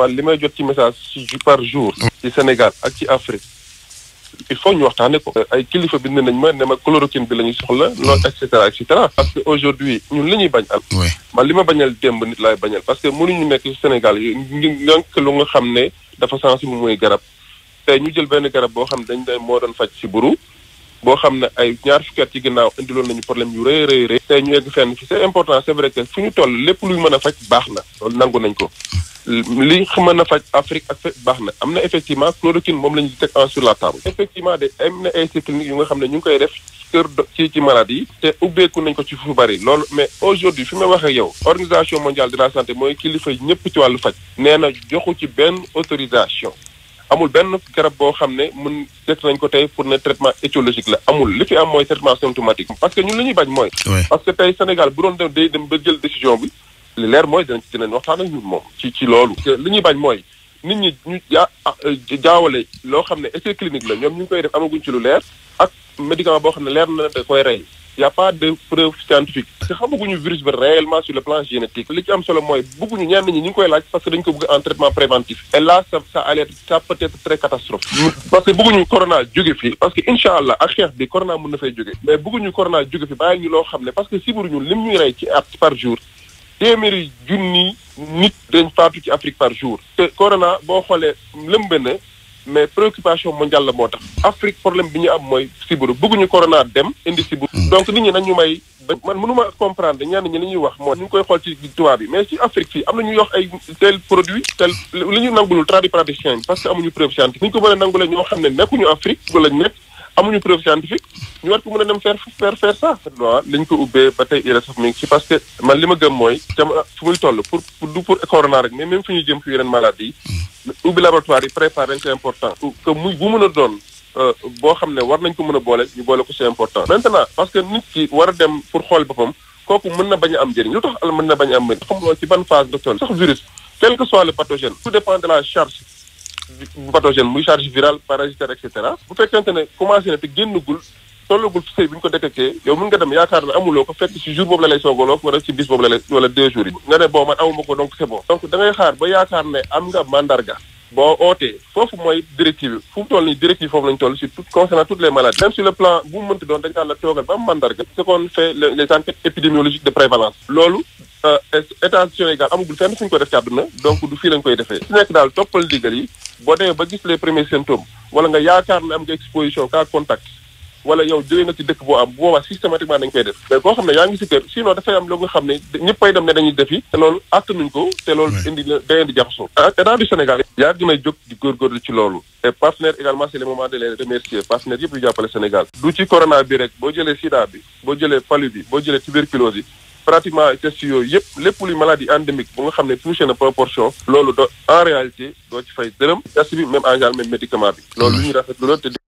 man li may jot ci message ci par jour. ci Sénégal ak ci Afrique. il faut ñu waxtaane ko. ay kilifa bind nañ ma ne ma chloroquine bi la soxla. non et cetera et cetera. parce que aujourd'hui ñun li ñuy bañ al man li ma bañal demb nit lay bañal parce que mënu ñu nekk ci Sénégal yi ngànk lu nga xam ne dafa sensible moy garab. tey ñu jël ben garab bo xam dañ day moo doon faj si buru bo xam ay ñaar fukkat ci ginnaw ginnaaw indiloon nañu problème yu rëy rëy rëy. tey ñu yegg fenn ci c'est important c'est vrai que fu ñu toll lepp luy mëna fajj baxna lool nangu nañ ko li mën a faj Afrique ak fa baax na am na effectivement chloroquine moom la ñu teg en sur la table. effectivement de am na ay cliniques yu nga xam ne ñu ngi koy def kër ci ci malade yi. te ubbeeku nañ ko ci fu bari loolu mais aujourd'hui fi ma wax ak yow organisation mondiale de la santé mooy kilifa ñëpp ci wàllu faj. nee na joxu ci benn autorisation. amul benn garab boo xam ne mun def nañ ko tey pour ne traitement étiologique la amul li fi am mooy traitement symptomatique. parce que ñun li ñuy bañ mooy. parce que tey Sénégal bu doon dem day dem ba jël décision bi leer mooy dinañ ci ci ci li ñuy bañ nit ñi ñu ah, euh, jaawale clinique la ñu koy def amaguñ ci lu ak médicament a pas de preuve scientifique. virus réellement sur le plan génétique. li ci am solo ñu koy laaj parce que traitement préventif. et là ça ça allait ça peut être très catastrophe. parce que bëgguñu corona jóge fi. parce que ak corona mais corona fi parce que si lim ñuy rey par jour. téeméeri junni nit dañ faatu ci Afrique par jour. te corona boo xoolee lëmb na mais préoccupation mondiale la moo tax. Afrique problème bi ñu am mooy sibiru bëgguñu corona dem indi sibiru. Hmm. donc nit ñi nañu may. man mënuma comprendre ñenn ñi li wax mooy. ñu koy xool ci tubaab bi mais ci Afrique fii am na ñuy wax ay tel produit tel li ñu nangulul tradipraticien parce que amuñu preuve scientifique. ni ñu ko mën a ñoo xam ne nekkuñu Afrique. lañ nekk. amuñu preuve scientifique ñu war ko mën a dem faire faire faire ça. loi ko ubbee ba tey IRESSEF mi ngi ci parce que man li ma gëm mooy jamono fu muy toll pour du pour corona rek mais même fu ñu jëm fi yeneen maladie ubbi laboratoire yi préparé c'est important. que muy bu mën a doon. Euh, boo xam ne war nañ ko mën a boole ñu boole ko c'est important maintenant parce que nit ki war a dem pour xool boppam kooku mën na bañ am njëriñ lu tax al mën na bañ am bu pathogène muy charge virale parasitaire et cetera bu fekkente ne commencé na te génnagul tollagul sëy bi ñu ko détecté yow mën nga dem yaakaar ne amuloo ko fekk si jour boobu la lay soogaloog wala si bis boobu la lay wala deux jours nga ne bon man amuma ko donc c'est bon donc da ngay xaar ba yaakaar ne am nga mandarga boo ootee foofu mooy directive bi fu toll nii directive foofu la toll sur tout concernant toutes les malades, même sur le plan bu mu mënti doon dañu naan la toogal ba mu mandarga ce qu'on fait les enquêtes épidémiologiques de prévalence loolu euh, état Sénégal amagul fenn fu ñu ko def ci àdduna donc du fii lañ koy defee su nekk daal toppal digal yi boo demee ba gis les premiers symptômes wala nga yaakaar ne am nga exposition cas contact wala yow jëlee na ci dëkk boo am bu boobaa systématiquement dañ koy def mais koo xam ne yaa ngi si kër sinon dafay am loo nga xam ne ñëppay dem ne dañuy def yi te loolu àtt nuñ ko te loolu indi day indi jaxasoo ah, du Sénégal yaa ngi jóg di góorgóorlu ci loolu et partenaire également c'est le moment de les remercier partenaire yëpp yu jàppale Sénégal du ci corona bi rek boo jëlee sida bi boo jëlee palu bi boo jëlee tuberculose yi pratiquement test yooyu yëpp lépp luy maladie endémique bu nga xam ne touché na proportion loolu do en réalité doo ci fay dërëm